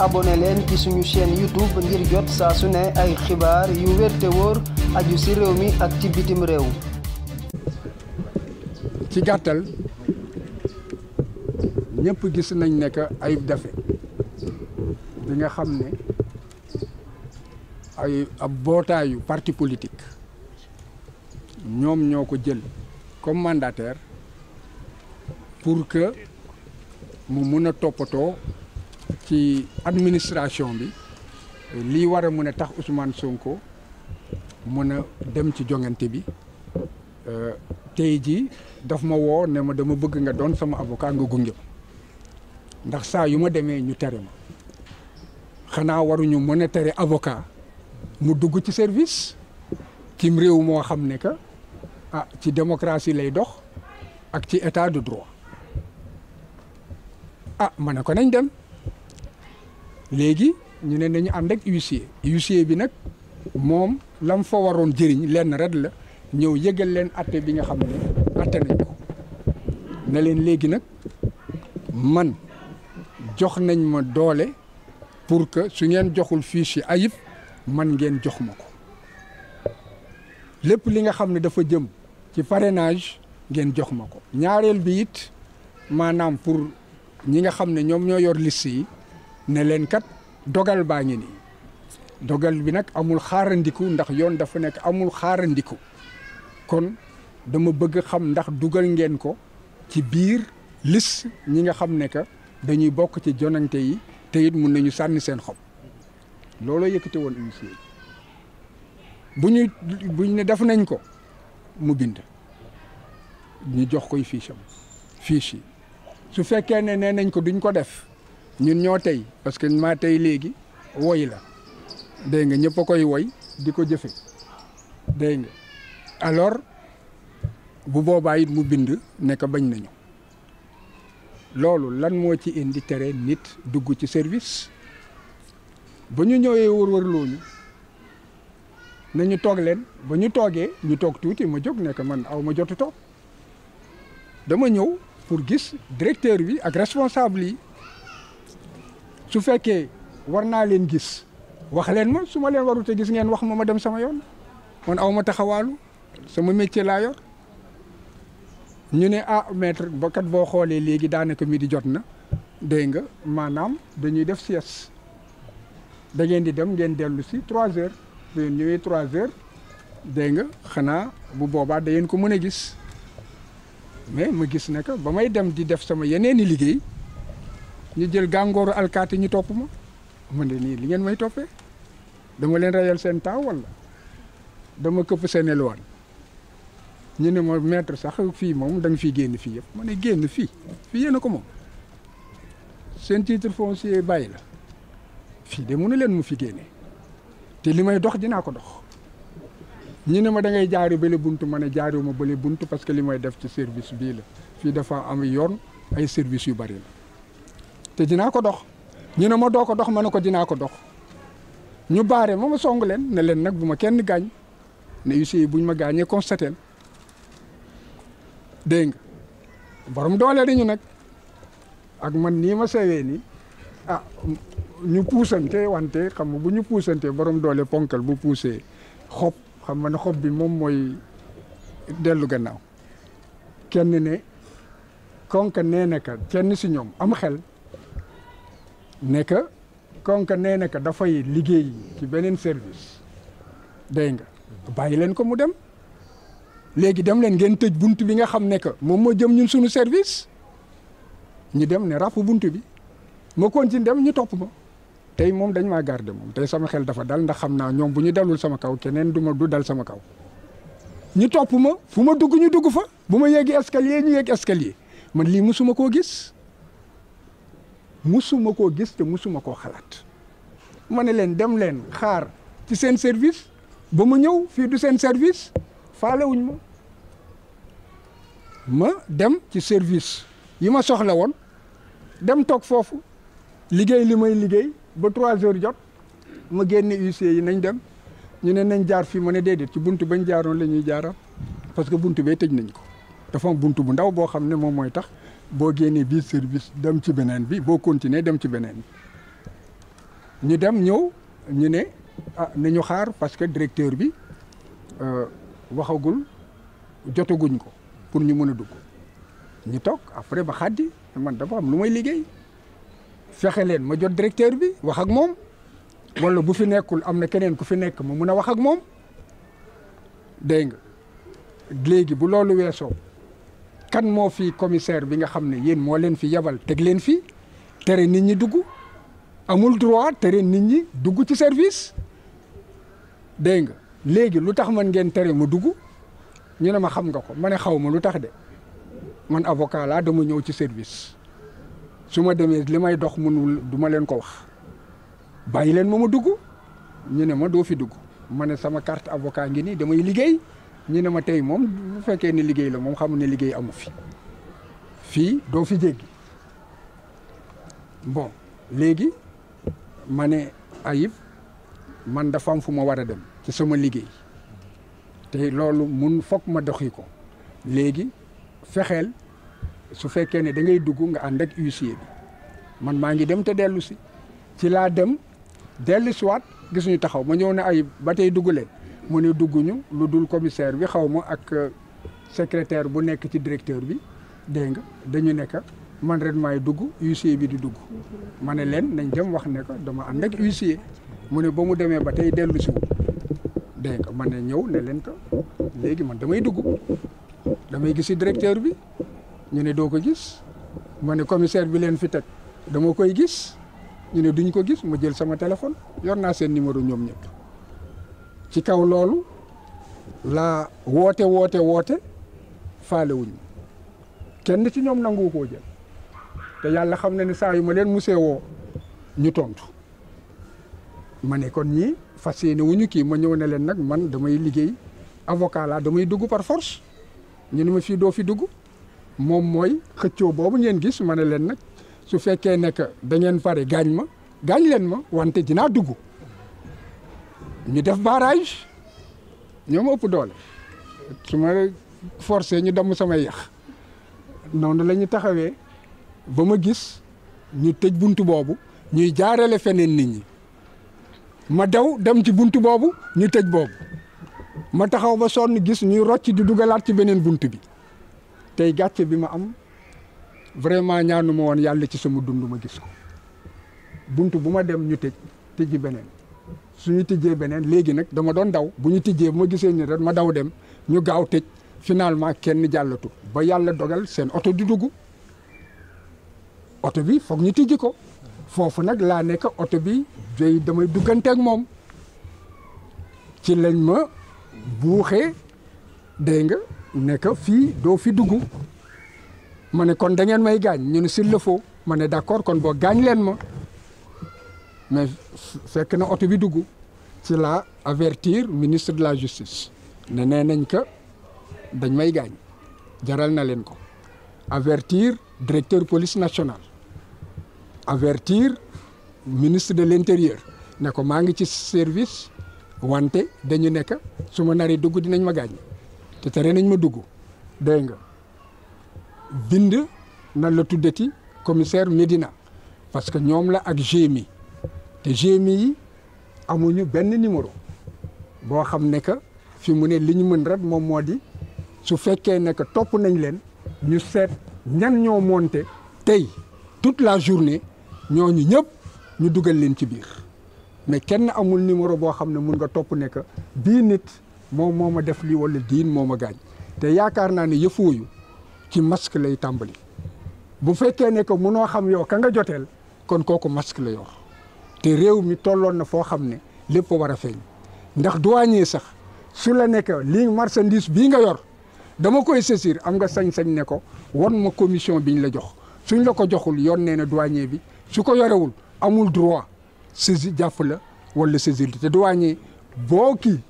abonné leen ci suñu chaîne YouTube ngir jot saa su ne ay xibaar yu wér te wóor aju ci réew mi ak ci bitim réew. ci gàttal ñépp gis nañ ne que Ayib Daffé bi nga xam ne ay ab bootaayu parti politique ñoom ñoo ko jël comme mandataire pour que mu mun a toppatoo. ci administration bi lii war a mën a tax Ousmane Sonko mën a dem ci jongante bi euh, tey jii daf ma woo ne ma dama bëgg nga doon sama avocat nga gunge ndax saa yu ma demee ñu tere ma xanaa waruñu mën a tere avocat mu dugg ci service cim réew moo xam ne que ah, ci démocratie lay dox ak ci état de droit a ah, ma ne ko nañ dem. léegi ñu ne nañu ànd ak huissier huissier bi nag moom lam fa waroon jëriñ lenn rek la ñëw yëgal leen atte bi nga xam ne atte nañ ko ne leen léegi nag man jox nañ ma doole pour que su ngeen joxul fiche yi ayib man ngeen jox ma ko lépp li nga xam ne dafa jëm ci parrainage ngeen jox ma ko ñaareel bi it maanaam pour ñi nga xam ne ñoom ñoo yor liste yi ne dogal baa ngi nii dogal bi nag amul xaarandiku ndax yoon dafa nekk amul xaarandiku kon dama bëgg xam ndax dugal ngeen ko ci biir liste ñi nga xam ne que dañuy bokk ci jonante yi te mun nañu sànni seen xob looloo yëkkate woon émission bu ñu bu ñu ne def nañ ko mu bind ñu jox koy fiche am yi su fekkee ne nee nañ ko duñ ko def ñun ñoo tey parce que maa tey léegi woy la dégg nga ñëpp a koy woy di ko jëfe dégg nga alors bu boobaa it mu bind ne ko bañ nañu loolu lan moo ci indi tere nit dugg ci service ba ñu ñëwee wër-wër looñu na ñu toog leen ba ñu toogee ñu toog tuuti ma jóg nekk man aw ma jotu toog dama ñëw pour gis directeur bi ak responsable yi su fekkee war naa leen gis wax leen ma su ma leen warute gis ngeen wax ma ma dem sama yoon man aw ma taxawaalu sama métier laa yor ñu ne ah maître ba kat boo xoolee léegi daanaka di jot na dégg nga maanaam dañuy def sieste da ngeen di dem ngeen dellu si trois heures bu trois heures dégg nga xanaa bu boobaa da ngeen ko mën a gis mais ma gis ne que ba may dem di def sama yeneen i liggéey. ñu jël gàngooru alkaati ñu topp ma mën de nii li ngeen may toppe dama leen reyal seen taaw wala dama këpp seen eluwaan ñu ne ma maître sax fii moom da nga génn fii yëpp ma ne génn fii fii yéen a ko moom seen titre foncier bàyyi la fii de mënu leen mu fi génne te li may dox dinaa ko dox ñu ne ma da ngay jaari bële buntu ma ne jaariwuma bële bunt parce que li may def ci service bii la fii dafa am yoon ay service yu bari la te dinaa ko dox ñu ne ma doo ko dox ma ne ko dinaa ko dox ñu baare ma ma song leen ne leen nag bu ma kenn gaañ ne huissier buñ ma gaañee constaté dégg nga borom doole ñu nag ak man nii ma sewee nii ah ñu puusante wante xam nga bu ñu puusante borom doole ponkal bu puusee xob xam ma ne xob bi moom mooy dellu gannaaw kenn ne konka nee na ka kenn si ñoom am xel ne que kon nee na dafay liggéey ci beneen service dégg nga bàyyi leen ko mu dem léegi dem leen ngeen tëj bunt bi nga xam ne que moom moo jëm ñun suñu service ñu dem ne ràpp bunt bi ma continue dem ñu topp ma tey moom dañ maa garder moom tey sama xel dafa dal ndax xam naa ñoom bu ñu dalul sama kaw keneen du du dal sama kaw ñu topp ma fu ma dugg ñu dugg fa bu ma yéegi escalier ñu yéeg escalier man lii ma koo gis musuma koo gis te musuma koo xalaat ma ne leen dem leen xaar ci seen service ba ma ñëw fii du seen service faalewuñ ma ma dem ci service yi ma soxla woon dem toog foofu liggéey li may liggéey ba trois heures jot ma génne huissier yi nañ dem ñu ne nañ jaar fii ma ne déedéet ci buntu bañ jaaroon la ñuy jaaral parce que bunt bee tëj nañ ko dafa am buntu bu ndaw boo xam ne moom mooy tax boo génnee biir service dem ci beneen bi boo continuer dem ci beneen bi ñu dem ñëw ñu ne ah nañu xaar parce que directeur bi euh, waxagul jotaguñ ko pour ñu mun a dugg ñu toog après ba xaddi man dafa am lu may liggéey fexe leen ma jot directeur bi wax ak moom wala bu fi nekkul am na keneen ku fi nekk ma mun a wax ak moom dégg nga léegi bu loolu weesoo kan moo fi commissaire bi nga xam ne yéen moo leen fi yebal teg leen fi tere nit ñi dugg amul droit tere nit ñi dugg ci service dégg nga léegi lu tax man ngeen tere mu dugg ñu ne ma xam nga ko ma ne xaw ma lu tax de man avocat laa dama ñëw ci service su ma demee li may dox mënul du ma leen ko wax bàyyi leen ma ma dugg ñu ne ma doo fi dugg ma ne sama carte avocat ngi nii damay liggéey ñu ne ma tey moom bu fekkee ne liggéey la moom xamu ne liggéey amu fi fii doo fi jéggi bon léegi ma ne Ayib man dafam fu ma war a dem ci sama liggéey te loolu mun foog ma doxi ko léegi fexeel su fekkee ne dangay dugg nga ànd ak huissier bi man maa ngi dem te dellu si ci laa dem dellu siwaat gisuñu taxaw ma ñëw ne Ayib ba tey dugg leen mu ne ni ñu lu dul commissaire bi xaw ma ak euh, secrétaire bu nekk ci directeur bi dégg nga dañu nekk man ren maay dugg huissier bi di dugg ma ne leen nañ dem wax ne ko dama ànd ak huissier mu ne ba mu demee ba tey dellu si wul dégg man ne ñëw ne leen ko léegi man damay dugg damay gisi directeur bi ñu ne doo ko gis ma ne commissaire bi leen fi teg dama koy gis ñu ne duñ ko gis ma jël sama téléphone yor naa seen numéro ñoom ñëpp ci kaw loolu laa woote woote woote faalewuñu kenn ci ñoom nangu koo te yàlla xam na ne saa yu ma leen musee woo ñu tontu ma ne kon ñii fas yéene kii ma ñëw ne leen nag man damay liggéey avocat laa damay dugg par force ñu ma fii doo fi dugg moom mooy xëccoo boobu ngeen gis ma ne leen nag su fekkee ne que da gaañ ma gaañ leen ma wante dinaa dugg. ñu def barrage ñoom ëpp doole su ma forcé ñu damm samay yax noonu la taxawee ba ma gis ñu tëj bunt boobu ñuy jaarale feneen nit ñi ma daw dem ci bunt boobu ñu tëj boobu ma taxaw ba sonn gis ñuy rocc di dugalaat ci beneen bunt bi tey gàcce bi ma am vraiment ñaanu ma woon yàlla ci sama dund ma gis ko bunt bu ma dem ñu tëj tëji beneen suñu tijjee beneen léegi nag dama doon daw bu ñu tijjee bu ma gisee ni rek ma daw dem ñu gaaw tëj finalement kenn jàllatu ba yàlla dogal seen oto di dugg oto bi foog ñu tijji ko foofu nag laa nekk oto bi joy damay duggante ak moom ci lañ ma buuxee dégg nga nekk fii doo fi dugg ma ne kon da ngeen may gaañ ñu ne s'il le faut ma ne d'accord kon boo gaañ leen ma mais fekk na oto bi dugg ci la avertir ministre de la justice ne nee nañ que dañ may gaañ jaral na leen ko avertir directeur police nationale avertir ministre de l'intérieur ne ko maa ngi ci service wante dañu nekk su ma naree dugg dinañ ma gaañ te tere nañ ma dugg dégg nga bind na la tuddati commissaire Médina parce que ñoom la ak GMI te GMI yi amuñu benn numéro boo xam ne que fi mu ne li ñu mën rek moom moo di su fekkee ne topp nañ leen ñu seet ñan ñoo monté tey toute la journée ñooñu ñëpp ñu dugal leen ci biir mais kenn amul numéro boo xam ne mun nga topp ne que bii nit moom moo ma def lii wala diin moo ma gaañ te yaakaar naa ne yëfooyu ci masque lay tàmbali bu fekkee ne que munoo xam yow ka nga joteel kon kooku masque la yor te réew mi tolloon na foo xam ne lépp war a feeñ ndax douanier sax su la nekk lii marchandise bii nga yor dama koy saisir am nga sañ-sañ ne ko wan ma commission ñu la jox suñ la ko joxul yoon nee na douanier bi su ko yorewul amul droit saisir jàpp walla wala saisir te douanier boo kii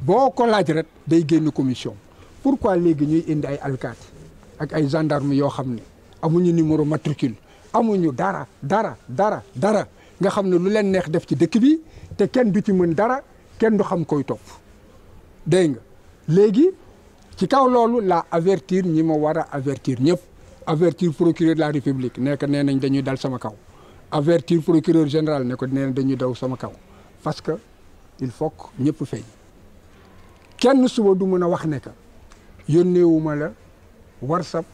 boo ko laaj day génn commission pourquoi léegi ñuy indi ay alkaati ak ay gendarme yoo xam ne amuñu numéro matricule amuñu dara dara dara dara nga xam ne lu leen neex def ci dëkk bi te kenn du ci mën dara kenn du xam koy topp dégg nga léegi ci kaw loolu laa avertir ñi ma war a avertir ñëpp avertir procureur la république nekk nee nañ dañuy dal sama kaw avertir procureur général ne ko dañuy daw sama kaw parce que il faut que ñëpp fay kenn suba du mën a wax ne que yónneewuma la WhatsApp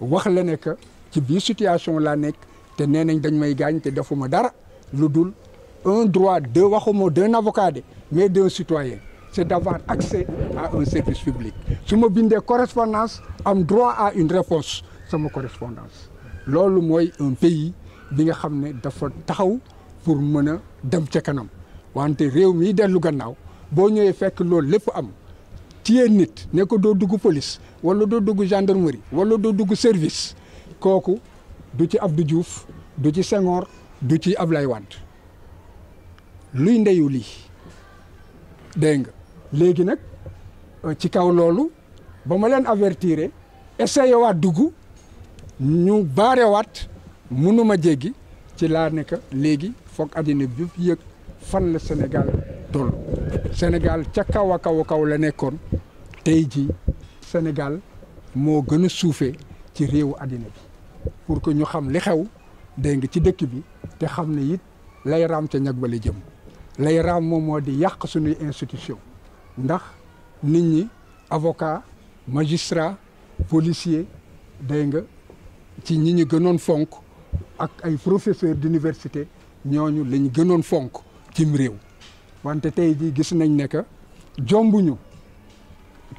wax la ne que ci biir situation laa nekk te nee nañ dañ may gaañ te defuma dara lu dul un droit de waxuma d'un avocat de mais d'un citoyen c'est d'avoir accès à un service public su ma bindee correspondance am droit à une réponse sama correspondance loolu mooy un pays bi nga xam ne dafa taxaw pour mën a dem ca kanam wante réew mii dellu gannaaw boo ñëwee fekk loolu lépp am téye nit nekk doo dugg police wala doo dugg gendarmerie wala doo dugg service kooku du ci Abdou Diouf du ci Senghor du ci Ablaye Wade luy ndeyu lii dégg nga léegi nag euh, ci kaw loolu ba ma leen avertire essayé waat dugg ñu baare waat mënuma jéggi ci laa nekk léegi foog àddina bi yëg fan la Sénégal toll Sénégal ca kaw a kaw kaw la nekkoon tey ji Sénégal moo gën a suufee ci réewu àddina bi pour que ñu xam li xew dégg nga ci dëkk bi te xam ne it lay raam ca ñag bale jëm lay raam moom di yàq suñuy institution ndax nit ñi avocat magistrat policier dégg nga ci ñi ñu gënoon fonk ak ay professeur d'université ñooñu lañ gënoon fonk cim réew wante tey jii gis nañ ne que jombuñu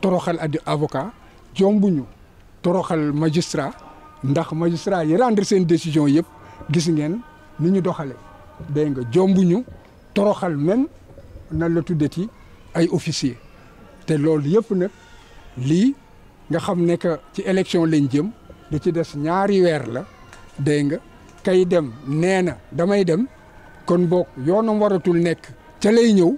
toroxal adi avocat jombuñu toroxal magistrat ndax magistrat yi rendre seen décision yëpp gis ngeen ni ñu doxale dégg nga jombuñu toroxal même nan la tuddati ay officier te loolu yëpp nag lii nga xam ne que ci élection lañ jëm li ci des ñaari weer la dégg nga kay dem nee na damay dem kon boog yoonam waratul nekk ca lay ñëw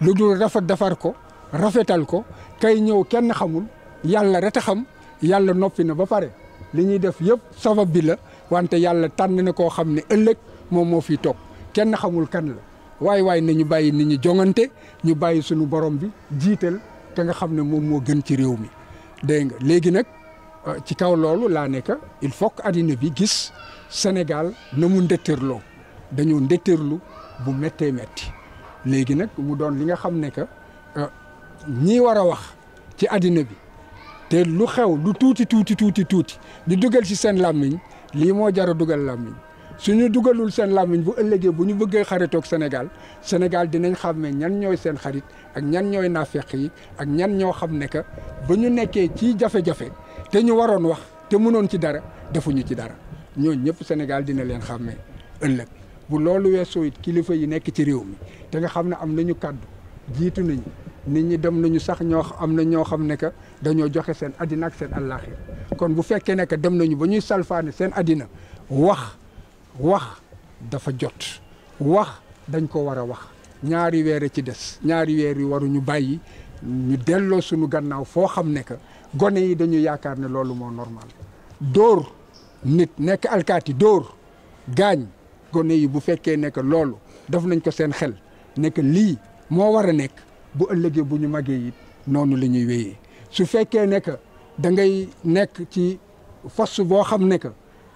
lu dul rafet defar ko rafetal ko kay ñëw kenn xamul yàlla rek xam yàlla noppi na ba pare li ñuy def yëpp sabab bi la wante yàlla tànn na koo xam ne ëllëg moom moo fiy toog kenn xamul kan la waaye waaye nañu bàyyi nit ñi jongante ñu bàyyi suñu borom bi jiital te nga xam ne moom moo gën ci réew mi dégg nga léegi nag euh, ci kaw loolu laa nekk il faut que àddina bi gis Sénégal na mu ndëttërloo dañoo ndëttërlu bu méttee metti léegi nag mu doon li nga xam ne que euh, ñii war a wax ci àddina bi te lu xew lu tuuti tuuti tuuti tuuti di dugal ci seen làmmiñ lii moo jar dugal làmmiñ suñu dugalul seen làmmiñ bu ëllëgee bu ñu bëggee xaritoog senegaal senegaal dinañ xam ne ñan ñooy seen xarit ak ñan ñooy naafeq yi ak ñan ñoo xam ne que ba ñu nekkee ci jafe-jafe te ñu waroon wax te mënoon ci dara defuñu ci dara ñooñu ñëpp senegaal dina leen xàmmee ëllëg bu loolu weesoo it kilifa yi nekk ci réew mi te nga xam ne am nañu kàddu jiitu nañ nit ñi dem nañu sax ñoo am na ñoo xam ne que dañoo joxe seen addina ak seen àllaaxira kon bu fekkee ne que dem nañu ba ñuy salfaane seen addina wax wax dafa jot wax dañ ko war a wax ñaari weer a ci des ñaari weer yi waruñu bàyyi ñu delloo suñu gannaaw foo xam ne que gone yi dañu yaakaar ne loolu moo normal dóor nit nekk alkaati dóor gaañ gone yi bu fekkee nekk loolu def nañ ko seen xel nekk lii moo war a nekk bu ëllëgee bu ñu màggee it noonu la ñuy wéyee su fekkee ne que da ngay nekk ci fas boo xam ne que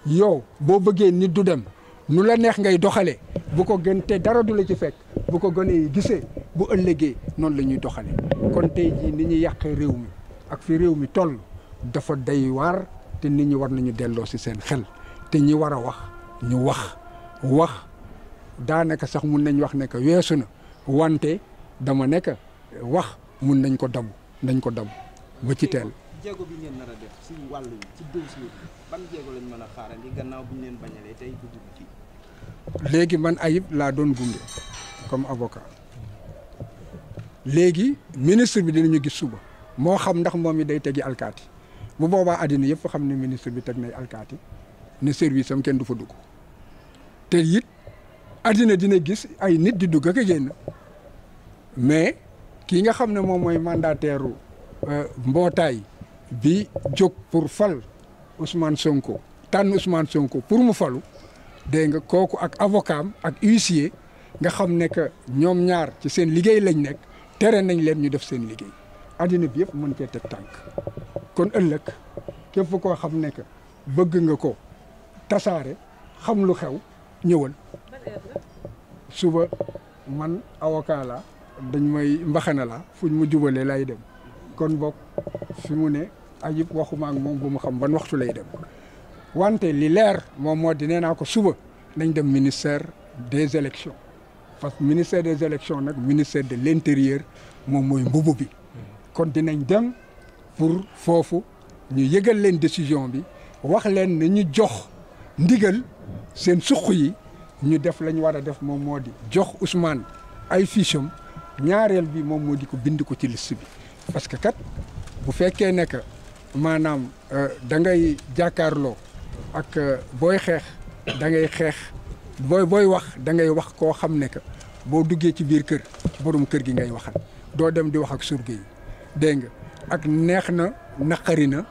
yow boo bëggee nit du dem nu la neex ngay doxalee bu ko gën te dara du la ci fekk bu ko gën gënee gisee bu ëllëgee noonu la ñuy doxalee kon tey jii ni ñu yàqee réew mi ak fi réew mi toll dafa day waar te nit ñu war nañu delloo si seen xel te ñi war a wax ñu wax wax daanaka sax mun nañu wax ne que weesu na. wante dama nekk wax mun nañ ko damm nañ ko damm ba ci teel. jéego bi ngeen nar a def ci wàllu ci dossier lañ mën a xaarandi gannaaw bu ñu leen bañalee tey bu léegi man Ayib laa doon gunge comme avocat léegi ministre bi dinañu gis suba moo xam ndax moom yi day tegi alkaati bu boobaa àddina yëpp xam ne ministre bi teg nay alkaati ne service am kenn du fa dugg te it àddina dina gis ay nit di dugg ak a génn. mais ki nga xam ne moom mooy mandataire euh, mbootaay bi jóg pour fal Ousmane Sonko tànn Ousmane Sonko pour mu falu dégg nga kooku ak avocam ak huissier nga xam ne que ñoom ñaar ci seen liggéey lañ nekk tere nañ leen ñu def seen liggéey àddina bi yëpp mën cee teg tànk kon ëllëg képp koo xam ne que bëgg nga ko tasaare xam lu xew ñëwal suba man avocat la dañ may mbaxana la fu ñu mu jubalee lay dem kon boog fi mu ne Ayib waxuma ak moom bu mu xam ban waxtu lay dem wante li leer moom moo di nee naa ko suba nañ dem ministère des élections parce que ministère des élections nag ministère de l'intérieur moom mooy mbubu bi kon dinañ dem pour foofu ñu yëgal leen décision bi wax leen na ñu jox ndigal seen suq yi ñu def lañ war a def moom moo di jox Ousmane ay fiches ñaareel bi moom moo di ko bind ko ci liste bi parce que kat bu fekkee ne que maanaam euh, da ngay jàkkaarloo ak euh, booy xeex da ngay xeex booy booy wax da ngay wax koo xam ne que boo duggee ci biir kër borom kër gi ngay waxal doo dem di wax ak surga yi dégg nga ak neex na naqari na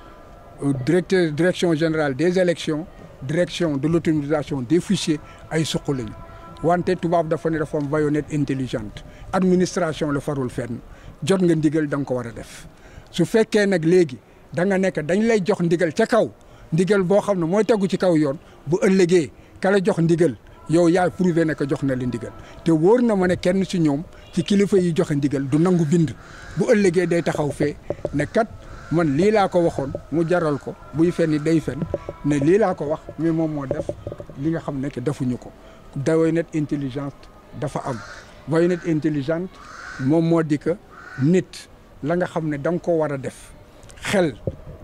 euh, directeur direction général des élections direction de l'autonomisation de fichiers ay suq lañu wante tubaab dafa ne dafa mu baïonnette intelligente administration la farul fenn jot nga ndigal danga ko war a def su fekkee nag léegi danga nekk dañ lay jox ndigal ca kaw ndigal boo xam ne mooy tegu ci kaw yoon bu ëllëgee ka jox ndigal yow yaa prouvé ne jox na la te wóor na ma ne kenn ci ñoom ci kilifa yi joxe ndigal du nangu bind bu ëllëgee day taxaw fee ne kat man lii laa ko waxoon mu jaral ko buy fenni day fen ne lii laa ko wax mais moom moo def li nga xam ne que defuñu ko dawoy net intelligence dafa am voyante intelligente moom moo di que nit la nga xam ne da nga ko war a def xel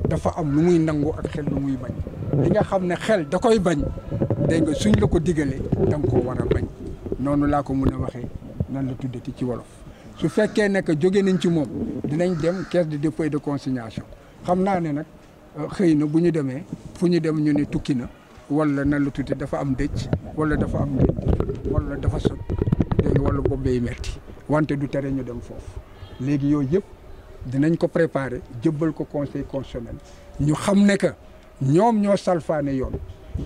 dafa am lu muy nangu ak xel lu muy bañ li nga xam ne xel da koy bañ dégg nga suñ la ko digalee da nga ko war a bañ noonu laa ko mun a waxee nan la tuddati ci wolof su fekkee ne que jóge nañ ci moom dinañ dem caisse de dépôt de consignation xam naa ne nag euh, xëy na bu ñu demee fu ñu dem ñu ne tukki na walla nan la tuddee dafa am dëcc wala dafa am dëcc wala dafa sot léegi wàllu bopp day wante du tere ñu dem foofu léegi yooyu yëpp dinañ ko préparer jëbbal ko conseil constitutionnel ñu xam ne que ñoom ñoo salfaane yoon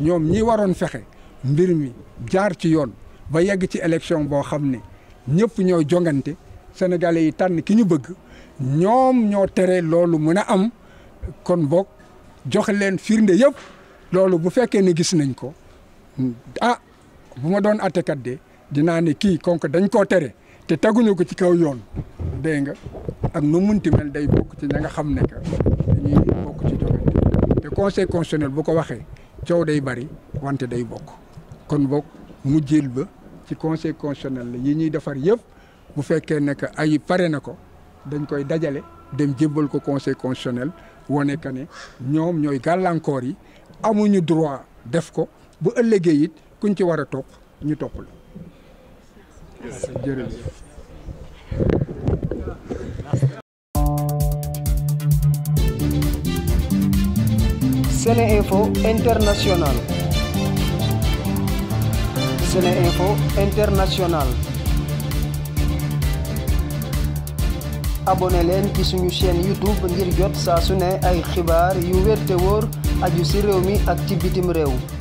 ñoom ñi waroon fexe mbir mi jaar ci yoon ba yegg ci élection boo xam ne ñëpp ñoo jongante sénégalais yi tànn ki ñu bëgg ñoom ñoo tere loolu mën a am kon boog joxe leen firnde yëpp loolu bu fekkee ne gis nañ ko ah bu ma doon attekat de dinaa ne kii konk dañ koo tere te taguñu ko ci kaw yoon dégg nga ak nu munti mel day bokk ci ña nga xam ne dañuy bokk ci jogante te conseil bu ko waxee coow day bari wante day bokk kon bokk mujjil ba ci conseil constitutionnel la yi ñuy defar yëpp bu fekkee ne que ay pare na ko dañ koy dajale dem jébbal ko conseil constitutionnel wane que ne ñoom ñooy gàllankoor yi amuñu droit def ko bu ëllëgee yit kuñ ci war a topp ñu topp jërëjëf SeneInfo International SeneInfo leen ci suñu chaîne YouTube ngir jot saa su ne ay xibaar yu wér aju ci réew mi ak ci bitim réew